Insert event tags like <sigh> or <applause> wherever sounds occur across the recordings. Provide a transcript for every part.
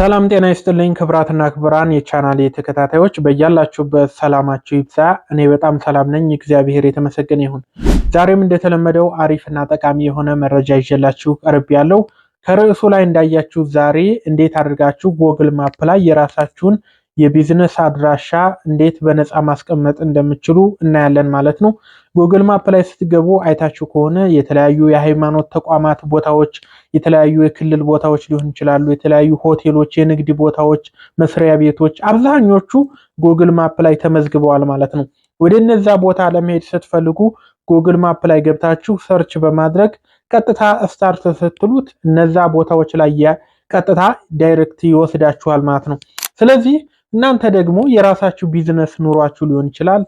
ሰላም ጤና ይስጥልኝ ክብራትና ክብራን የቻናል ተከታታዮች በያላችሁበት ሰላማችሁ ይብዛ። እኔ በጣም ሰላም ነኝ፣ እግዚአብሔር የተመሰገነ ይሁን። ዛሬም እንደተለመደው አሪፍና ጠቃሚ የሆነ መረጃ ይዤላችሁ ቀርብ ያለው ከርዕሱ ላይ እንዳያችሁ ዛሬ እንዴት አድርጋችሁ ጎግል ማፕ ላይ የራሳችሁን የቢዝነስ አድራሻ እንዴት በነፃ ማስቀመጥ እንደምችሉ እናያለን ማለት ነው። ጉግል ማፕ ላይ ስትገቡ አይታችሁ ከሆነ የተለያዩ የሃይማኖት ተቋማት ቦታዎች፣ የተለያዩ የክልል ቦታዎች ሊሆን ይችላሉ፣ የተለያዩ ሆቴሎች፣ የንግድ ቦታዎች፣ መስሪያ ቤቶች አብዛኞቹ ጉግል ማፕ ላይ ተመዝግበዋል ማለት ነው። ወደ እነዛ ቦታ ለመሄድ ስትፈልጉ ጉግል ማፕ ላይ ገብታችሁ ሰርች በማድረግ ቀጥታ ስታርት ስትሉት እነዛ ቦታዎች ላይ ቀጥታ ዳይሬክት ይወስዳችኋል ማለት ነው። ስለዚህ እናንተ ደግሞ የራሳችሁ ቢዝነስ ኑሯችሁ ሊሆን ይችላል።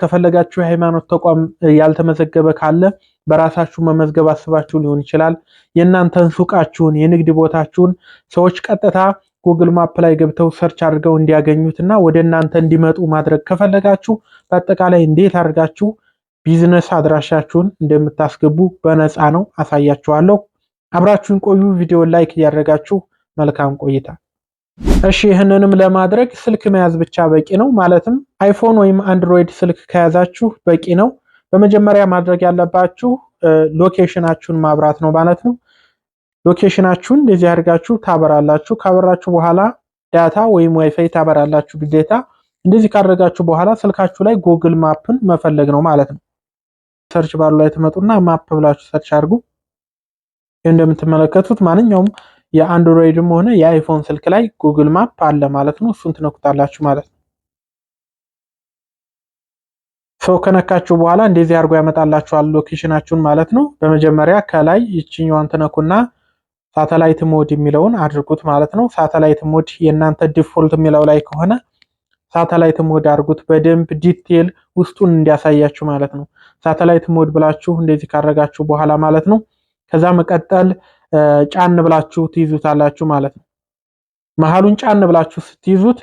ከፈለጋችሁ የሃይማኖት ተቋም ያልተመዘገበ ካለ በራሳችሁ መመዝገብ አስባችሁ ሊሆን ይችላል። የእናንተን ሱቃችሁን፣ የንግድ ቦታችሁን ሰዎች ቀጥታ ጉግል ማፕ ላይ ገብተው ሰርች አድርገው እንዲያገኙት እና ወደ እናንተ እንዲመጡ ማድረግ ከፈለጋችሁ በአጠቃላይ እንዴት አድርጋችሁ ቢዝነስ አድራሻችሁን እንደምታስገቡ በነፃ ነው አሳያችኋለሁ። አብራችሁን ቆዩ። ቪዲዮ ላይክ እያደረጋችሁ መልካም ቆይታ እሺ ይህንንም ለማድረግ ስልክ መያዝ ብቻ በቂ ነው። ማለትም አይፎን ወይም አንድሮይድ ስልክ ከያዛችሁ በቂ ነው። በመጀመሪያ ማድረግ ያለባችሁ ሎኬሽናችሁን ማብራት ነው ማለት ነው። ሎኬሽናችሁን እንደዚህ አድርጋችሁ ታበራላችሁ። ካበራችሁ በኋላ ዳታ ወይም ዋይፋይ ታበራላችሁ ግዴታ። እንደዚህ ካደረጋችሁ በኋላ ስልካችሁ ላይ ጉግል ማፕን መፈለግ ነው ማለት ነው። ሰርች ባሉ ላይ ትመጡና ማፕ ብላችሁ ሰርች አድርጉ። እንደምትመለከቱት ማንኛውም የአንድሮይድም ሆነ የአይፎን ስልክ ላይ ጉግል ማፕ አለ ማለት ነው። እሱን ትነኩታላችሁ ማለት ነው። ሰው ከነካችሁ በኋላ እንደዚህ አድርጎ ያመጣላችኋል ሎኬሽናችሁን ማለት ነው። በመጀመሪያ ከላይ ይችኛዋን ትነኩና ሳተላይት ሞድ የሚለውን አድርጉት ማለት ነው። ሳተላይት ሞድ የእናንተ ዲፎልት የሚለው ላይ ከሆነ ሳተላይት ሞድ አድርጉት በደንብ ዲቴል ውስጡን እንዲያሳያችሁ ማለት ነው። ሳተላይት ሞድ ብላችሁ እንደዚህ ካረጋችሁ በኋላ ማለት ነው ከዛ መቀጠል ጫን ብላችሁ ትይዙታላችሁ ማለት ነው። መሀሉን ጫን ብላችሁ ስትይዙት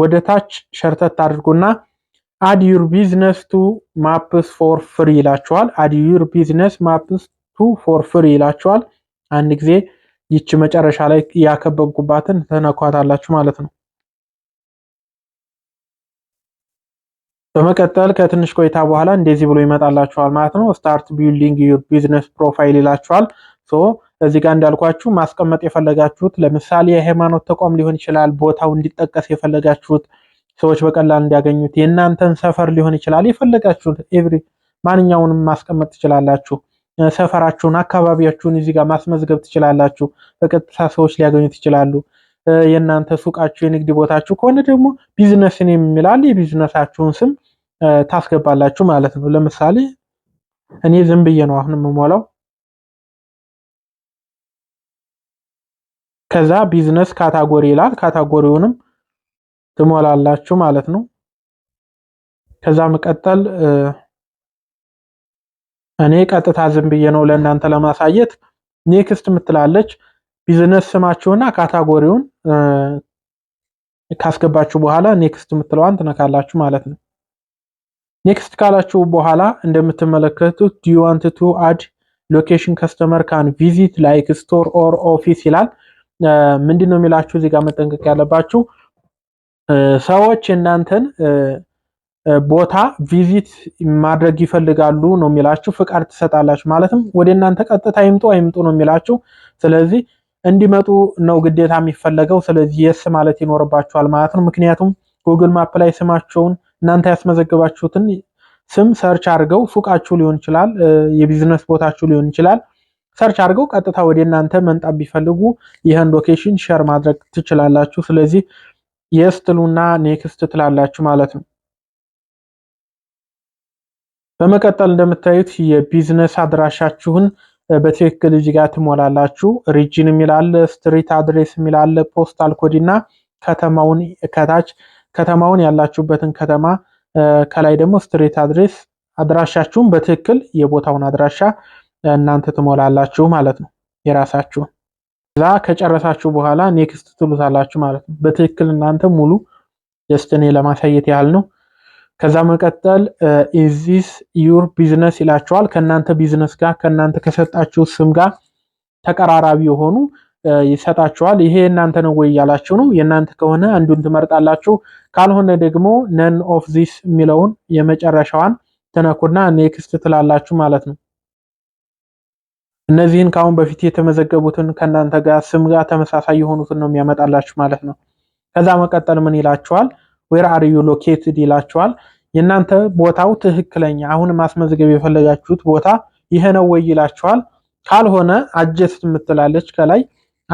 ወደ ታች ሸርተት አድርጉና አድ ዩር ቢዝነስ ቱ ማፕስ ፎር ፍሪ ይላችኋል። አድ ዩር ቢዝነስ ማፕስ ቱ ፎር ፍሪ ይላችኋል። አንድ ጊዜ ይቺ መጨረሻ ላይ ያከበብኩባትን ተነኳታላችሁ ማለት ነው። በመቀጠል ከትንሽ ቆይታ በኋላ እንደዚህ ብሎ ይመጣላችኋል ማለት ነው። ስታርት ቢልዲንግ ዩር ቢዝነስ ፕሮፋይል ይላችኋል። ሶ እዚህ ጋር እንዳልኳችሁ ማስቀመጥ የፈለጋችሁት ለምሳሌ የሃይማኖት ተቋም ሊሆን ይችላል። ቦታው እንዲጠቀስ የፈለጋችሁት ሰዎች በቀላል እንዲያገኙት የእናንተን ሰፈር ሊሆን ይችላል። የፈለጋችሁት ኤቭሪ ማንኛውንም ማስቀመጥ ትችላላችሁ። ሰፈራችሁን፣ አካባቢያችሁን እዚህ ጋር ማስመዝገብ ትችላላችሁ። በቀጥታ ሰዎች ሊያገኙት ይችላሉ። የእናንተ ሱቃችሁ፣ የንግድ ቦታችሁ ከሆነ ደግሞ ቢዝነስን የሚላል የቢዝነሳችሁን ስም ታስገባላችሁ ማለት ነው። ለምሳሌ እኔ ዝም ብዬ ነው አሁን የምሞላው ከዛ ቢዝነስ ካታጎሪ ይላል። ካታጎሪውንም ትሞላላችሁ ማለት ነው። ከዛ መቀጠል እኔ ቀጥታ ዝም ብዬ ነው ለእናንተ ለማሳየት ኔክስት ምትላለች። ቢዝነስ ስማችሁና ካታጎሪውን ካስገባችሁ በኋላ ኔክስት ምትለዋን ትነካላችሁ ማለት ነው። ኔክስት ካላችሁ በኋላ እንደምትመለከቱት ዱ ዩ ዋንት ቱ አድ ሎኬሽን ከስተመር ካን ቪዚት ላይክ ስቶር ኦር ኦፊስ ይላል። ምንድን ነው የሚላችሁ እዚህ ጋር መጠንቀቅ ያለባችሁ ሰዎች የእናንተን ቦታ ቪዚት ማድረግ ይፈልጋሉ ነው የሚላችሁ። ፍቃድ ትሰጣላችሁ ማለትም ወደ እናንተ ቀጥታ ይምጡ አይምጡ ነው የሚላችሁ። ስለዚህ እንዲመጡ ነው ግዴታ የሚፈለገው። ስለዚህ የስ ማለት ይኖርባችኋል ማለት ነው። ምክንያቱም ጉግል ማፕ ላይ ስማቸውን እናንተ ያስመዘገባችሁትን ስም ሰርች አድርገው ሱቃችሁ ሊሆን ይችላል፣ የቢዝነስ ቦታችሁ ሊሆን ይችላል ሰርች አድርገው ቀጥታ ወደ እናንተ መምጣት ቢፈልጉ ይህን ሎኬሽን ሸር ማድረግ ትችላላችሁ። ስለዚህ የስ ትሉና ኔክስት ትላላችሁ ማለት ነው። በመቀጠል እንደምታዩት የቢዝነስ አድራሻችሁን በትክክል እዚህ ጋር ትሞላላችሁ። ሪጅን የሚላለ ስትሪት አድሬስ የሚላለ ፖስታል ኮድ እና ከተማውን ከታች ከተማውን ያላችሁበትን ከተማ ከላይ ደግሞ ስትሪት አድሬስ አድራሻችሁን በትክክል የቦታውን አድራሻ እናንተ ትሞላላችሁ ማለት ነው የራሳችሁን። እዛ ከጨረሳችሁ በኋላ ኔክስት ትሉታላችሁ ማለት ነው። በትክክል እናንተ ሙሉ ደስትኔ ለማሳየት ያህል ነው። ከዛ መቀጠል ኢዚስ ዩር ቢዝነስ ይላችኋል። ከእናንተ ቢዝነስ ጋር ከእናንተ ከሰጣችሁ ስም ጋር ተቀራራቢ የሆኑ ይሰጣችኋል። ይሄ እናንተ ነው ወይ እያላችሁ ነው። የእናንተ ከሆነ አንዱን ትመርጣላችሁ። ካልሆነ ደግሞ ነን ኦፍ ዚስ የሚለውን የመጨረሻዋን ትነኩና ኔክስት ትላላችሁ ማለት ነው። እነዚህን ከአሁን በፊት የተመዘገቡትን ከእናንተ ጋር ስም ጋር ተመሳሳይ የሆኑትን ነው የሚያመጣላችሁ ማለት ነው። ከዛ መቀጠል ምን ይላችኋል? ዌር አር ዩ ሎኬትድ ይላችኋል። የእናንተ ቦታው ትክክለኛ አሁን ማስመዝገብ የፈለጋችሁት ቦታ ይሄ ነው ወይ ይላችኋል። ካልሆነ አጀስት የምትላለች ከላይ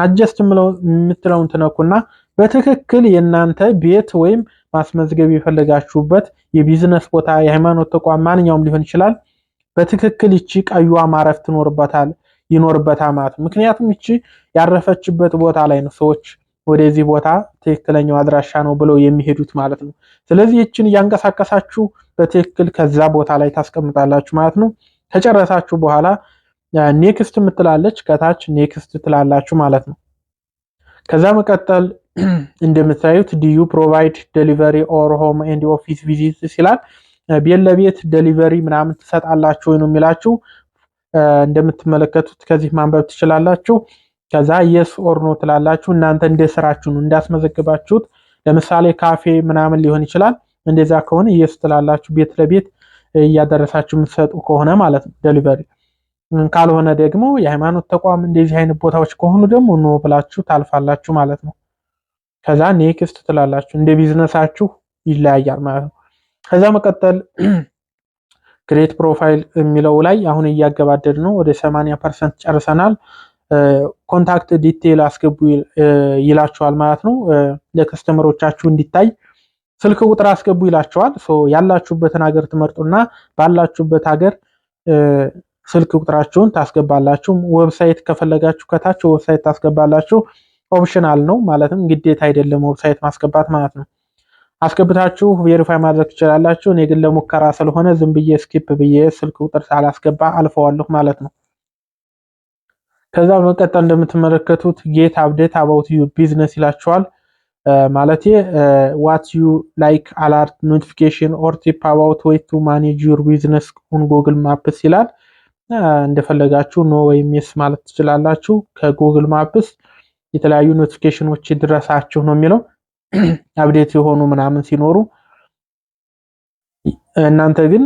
አጀስት የምትለውን ትነኩና በትክክል የእናንተ ቤት ወይም ማስመዝገብ የፈለጋችሁበት የቢዝነስ ቦታ፣ የሃይማኖት ተቋም ማንኛውም ሊሆን ይችላል። በትክክል ይቺ ቀዩ ማረፍ ትኖርበታል። ይኖርበታል ማለት ነው። ምክንያቱም እቺ ያረፈችበት ቦታ ላይ ነው ሰዎች ወደዚህ ቦታ ትክክለኛው አድራሻ ነው ብለው የሚሄዱት ማለት ነው። ስለዚህ እችን እያንቀሳቀሳችሁ በትክክል ከዛ ቦታ ላይ ታስቀምጣላችሁ ማለት ነው። ከጨረሳችሁ በኋላ ኔክስት የምትላለች ከታች ኔክስት ትላላችሁ ማለት ነው። ከዛ መቀጠል እንደምታዩት ዲዩ ፕሮቫይድ ደሊቨሪ ኦር ሆም ኤንድ ኦፊስ ቪዚት ሲላል ቤት ለቤት ደሊቨሪ ምናምን ትሰጣላችሁ ወይ ነው የሚላችሁ እንደምትመለከቱት ከዚህ ማንበብ ትችላላችሁ። ከዛ የስ ኦርኖ ትላላችሁ። እናንተ እንደ ስራችሁ ነው እንዳስመዘግባችሁት። ለምሳሌ ካፌ ምናምን ሊሆን ይችላል። እንደዛ ከሆነ የስ ትላላችሁ፣ ቤት ለቤት እያደረሳችሁ የምትሰጡ ከሆነ ማለት ነው ደሊቨሪ። ካልሆነ ደግሞ የሃይማኖት ተቋም እንደዚህ አይነት ቦታዎች ከሆኑ ደግሞ ኖ ብላችሁ ታልፋላችሁ ማለት ነው። ከዛ ኔክስት ትላላችሁ። እንደ ቢዝነሳችሁ ይለያያል ማለት ነው። ከዛ መቀጠል <clears throat> ግሬት ፕሮፋይል የሚለው ላይ አሁን እያገባደድ ነው። ወደ 80 ፐርሰንት ጨርሰናል። ኮንታክት ዲቴይል አስገቡ ይላችኋል ማለት ነው። ለከስተመሮቻችሁ እንዲታይ ስልክ ቁጥር አስገቡ ይላችኋል። ያላችሁበትን ሀገር ትመርጡና ባላችሁበት ሀገር ስልክ ቁጥራችሁን ታስገባላችሁ። ዌብሳይት ከፈለጋችሁ ከታች ዌብሳይት ታስገባላችሁ። ኦፕሽናል ነው ማለትም ግዴታ አይደለም ዌብሳይት ማስገባት ማለት ነው። አስገብታችሁ ቬሪፋይ ማድረግ ትችላላችሁ። እኔ ግን ለሙከራ ስለሆነ ዝም ብዬ ስኪፕ ብዬ ስልክ ቁጥር ሳላስገባ አልፈዋለሁ ማለት ነው። ከዛ በመቀጠል እንደምትመለከቱት ጌት አፕዴት አባውት ዩ ቢዝነስ ይላችኋል። ማለት ዋት ዩ ላይክ አላርት ኖቲፊኬሽን ኦር ቲፕ አባውት ወይ ቱ ማኔጅ ዩር ቢዝነስ ኦን ጉግል ማፕስ ይላል። እንደፈለጋችሁ ኖ ወይም የስ ማለት ትችላላችሁ። ከጉግል ማፕስ የተለያዩ ኖቲፊኬሽኖች ይድረሳችሁ ነው የሚለው <clears throat> አብዴት የሆኑ ምናምን ሲኖሩ እናንተ ግን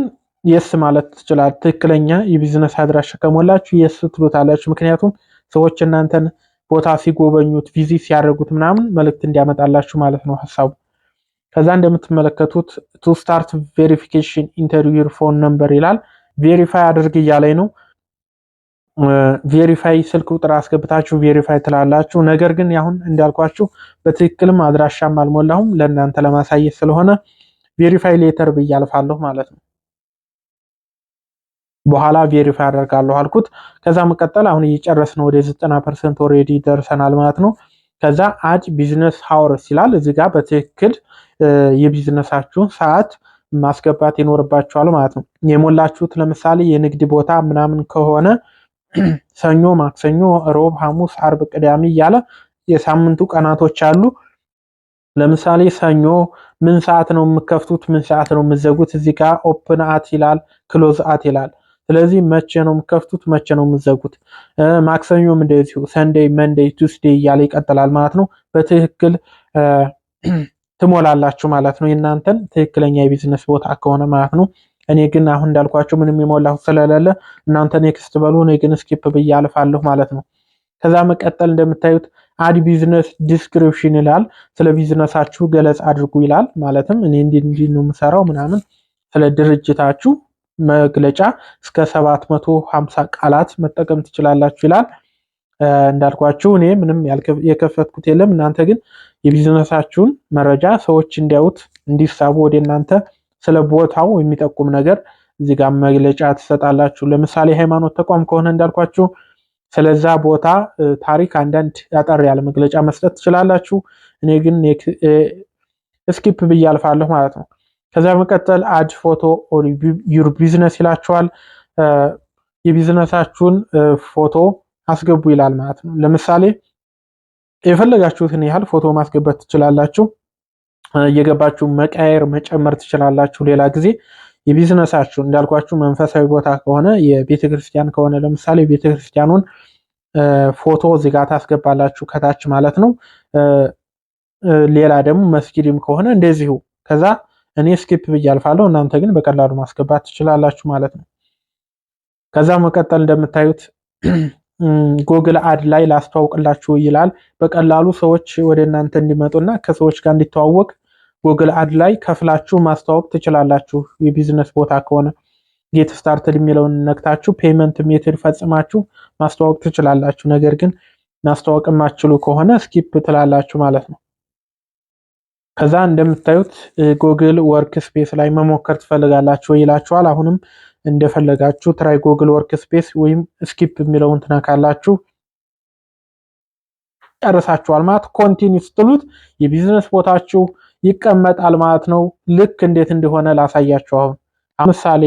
የስ ማለት ትችላል። ትክክለኛ የቢዝነስ አድራሽ ከሞላችሁ የስ ትሉታላችሁ። ምክንያቱም ሰዎች እናንተን ቦታ ሲጎበኙት ቪዚት ሲያደርጉት ምናምን መልእክት እንዲያመጣላችሁ ማለት ነው ሀሳቡ። ከዛ እንደምትመለከቱት ቱ ስታርት ቬሪፊኬሽን ኢንተርቪው ፎን ነምበር ይላል። ቬሪፋይ አድርግ እያለኝ ነው። ቬሪፋይ ስልክ ቁጥር አስገብታችሁ ቬሪፋይ ትላላችሁ። ነገር ግን አሁን እንዳልኳችሁ በትክክልም አድራሻም አልሞላሁም ለእናንተ ለማሳየት ስለሆነ ቬሪፋይ ሌተር ብዬ አልፋለሁ ማለት ነው። በኋላ ቬሪፋይ አደርጋለሁ አልኩት። ከዛ መቀጠል አሁን ነው፣ ወደ 90% ኦሬዲ ደርሰናል ማለት ነው። ከዛ አድ ቢዝነስ ሃወርስ ይላል እዚህ ጋር በትክክል የቢዝነሳችሁን ሰዓት ማስገባት ይኖርባችኋል ማለት ነው። የሞላችሁት ለምሳሌ የንግድ ቦታ ምናምን ከሆነ ሰኞ፣ ማክሰኞ፣ ሮብ፣ ሐሙስ፣ አርብ፣ ቅዳሜ እያለ የሳምንቱ ቀናቶች አሉ። ለምሳሌ ሰኞ ምን ሰዓት ነው የምከፍቱት? ምን ሰዓት ነው የምዘጉት? እዚህ ጋር ኦፕን አት ይላል፣ ክሎዝ አት ይላል። ስለዚህ መቼ ነው የምከፍቱት? መቼ ነው የምዘጉት? ማክሰኞም እንደዚሁ ሰንዴይ፣ መንዴይ፣ ቱስዴይ እያለ ይቀጥላል ማለት ነው። በትክክል ትሞላላችሁ ማለት ነው። የእናንተን ትክክለኛ የቢዝነስ ቦታ ከሆነ ማለት ነው። እኔ ግን አሁን እንዳልኳችሁ ምንም የሞላሁት ስለሌለ እናንተ ኔክስት በሉ፣ እኔ ግን ስኪፕ ብዬ አልፋለሁ ማለት ነው። ከዛ መቀጠል እንደምታዩት አድ ቢዝነስ ዲስክሪፕሽን ይላል። ስለ ቢዝነሳችሁ ገለጽ አድርጉ ይላል። ማለትም እኔ እንዲህ እንዲህ ነው የምሰራው ምናምን ስለ ድርጅታችሁ መግለጫ እስከ 750 ቃላት መጠቀም ትችላላችሁ ይላል። እንዳልኳችሁ እኔ ምንም የከፈትኩት የለም። እናንተ ግን የቢዝነሳችሁን መረጃ ሰዎች እንዲያዩት እንዲሳቡ ወደ እናንተ ስለ ቦታው የሚጠቁም ነገር እዚህ ጋር መግለጫ ትሰጣላችሁ። ለምሳሌ ሃይማኖት ተቋም ከሆነ እንዳልኳችሁ ስለዛ ቦታ ታሪክ አንዳንድ ያጠር ያለ መግለጫ መስጠት ትችላላችሁ። እኔ ግን ስኪፕ ብዬ አልፋለሁ ማለት ነው። ከዛ በመቀጠል አድ ፎቶ ኦር ዩር ቢዝነስ ይላችኋል። የቢዝነሳችሁን ፎቶ አስገቡ ይላል ማለት ነው። ለምሳሌ የፈለጋችሁትን ያህል ፎቶ ማስገባት ትችላላችሁ። እየገባችሁ መቀየር መጨመር ትችላላችሁ። ሌላ ጊዜ የቢዝነሳችሁ እንዳልኳችሁ መንፈሳዊ ቦታ ከሆነ የቤተክርስቲያን ከሆነ ለምሳሌ ቤተክርስቲያኑን ፎቶ እዚህ ጋር ታስገባላችሁ ከታች ማለት ነው። ሌላ ደግሞ መስጊድም ከሆነ እንደዚሁ። ከዛ እኔ ስኪፕ ብዬ አልፋለሁ፣ እናንተ ግን በቀላሉ ማስገባት ትችላላችሁ ማለት ነው። ከዛ መቀጠል እንደምታዩት <clears throat> ጎግል አድ ላይ ላስተዋውቅላችሁ ይላል። በቀላሉ ሰዎች ወደ እናንተ እንዲመጡና ከሰዎች ጋር እንዲተዋወቅ ጎግል አድ ላይ ከፍላችሁ ማስተዋወቅ ትችላላችሁ። የቢዝነስ ቦታ ከሆነ ጌት ስታርትድ የሚለውን ነክታችሁ ፔመንት ሜትድ ፈጽማችሁ ማስተዋወቅ ትችላላችሁ። ነገር ግን ማስተዋወቅ የማትችሉ ከሆነ ስኪፕ ትላላችሁ ማለት ነው። ከዛ እንደምታዩት ጎግል ወርክ ስፔስ ላይ መሞከር ትፈልጋላችሁ ወይ ይላችኋል። አሁንም እንደፈለጋችሁ ትራይ ጎግል ወርክ ስፔስ ወይም ስኪፕ የሚለውን ትነካላችሁ። ጨርሳችኋል ማለት ኮንቲኒ ስትሉት የቢዝነስ ቦታችሁ ይቀመጣል ማለት ነው። ልክ እንዴት እንደሆነ ላሳያችሁ። አሁን ምሳሌ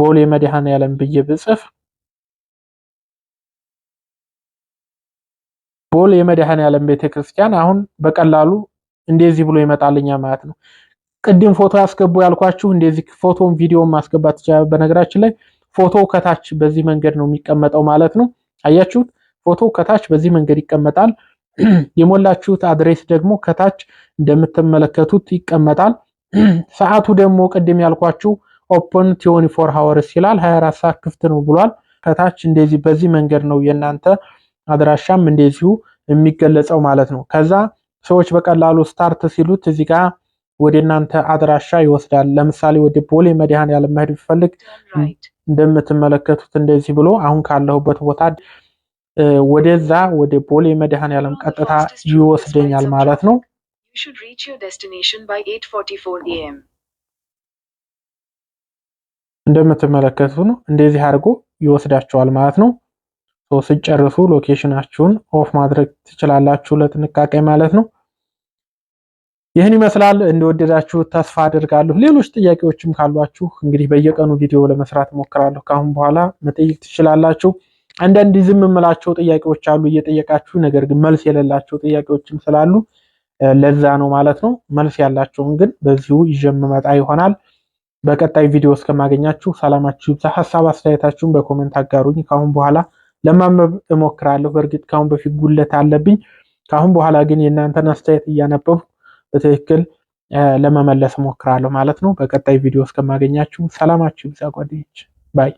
ቦሌ መድኃኔዓለም ብዬ ብጽፍ ቦሌ መድኃኔዓለም ቤተክርስቲያን አሁን በቀላሉ እንደዚህ ብሎ ይመጣልኛ ማለት ነው። ቅድም ፎቶ ያስገቡ ያልኳችሁ እንደዚህ ፎቶን ቪዲዮን ማስገባት ይችላል። በነገራችን ላይ ፎቶ ከታች በዚህ መንገድ ነው የሚቀመጠው ማለት ነው። አያችሁት? ፎቶ ከታች በዚህ መንገድ ይቀመጣል። የሞላችሁት አድሬስ ደግሞ ከታች እንደምትመለከቱት ይቀመጣል። ሰዓቱ ደግሞ ቅድም ያልኳችሁ ኦፕን ቲዮኒ ፎር ሃወርስ ይላል 24 ሰዓት ክፍት ነው ብሏል። ከታች እንደዚህ በዚህ መንገድ ነው የእናንተ አድራሻም እንደዚሁ የሚገለጸው ማለት ነው። ከዛ ሰዎች በቀላሉ ስታርት ሲሉት እዚህ ጋር ወደ እናንተ አድራሻ ይወስዳል። ለምሳሌ ወደ ቦሌ መድኃኔዓለም መሄድ ቢፈልግ እንደምትመለከቱት እንደዚህ ብሎ አሁን ካለሁበት ቦታ ወደዛ ወደ ቦሌ መድኃኔዓለም ቀጥታ ይወስደኛል ማለት ነው። እንደምትመለከቱ ነው፣ እንደዚህ አድርጎ ይወስዳችኋል ማለት ነው። ስጨርሱ ሎኬሽናችሁን ኦፍ ማድረግ ትችላላችሁ ለጥንቃቄ ማለት ነው። ይህን ይመስላል። እንደወደዳችሁ ተስፋ አድርጋለሁ። ሌሎች ጥያቄዎችም ካሏችሁ እንግዲህ በየቀኑ ቪዲዮ ለመስራት ሞክራለሁ። ከአሁን በኋላ መጠየቅ ትችላላችሁ። አንዳንድ ዝም የምላቸው ጥያቄዎች አሉ እየጠየቃችሁ ነገር ግን መልስ የሌላቸው ጥያቄዎችም ስላሉ ለዛ ነው ማለት ነው። መልስ ያላቸውን ግን በዚሁ ይዤ የምመጣ ይሆናል። በቀጣይ ቪዲዮ እስከማገኛችሁ ሰላማችሁ ይብዛ። ሀሳብ አስተያየታችሁን በኮሜንት አጋሩኝ። ካሁን በኋላ ለማንበብ እሞክራለሁ። በእርግጥ ካሁን በፊት ጉለት አለብኝ። ካሁን በኋላ ግን የእናንተን አስተያየት እያነበቡ በትክክል ለመመለስ እሞክራለሁ ማለት ነው። በቀጣይ ቪዲዮ እስከማገኛችሁ ሰላማችሁ ይብዛ ጓደኞች ባይ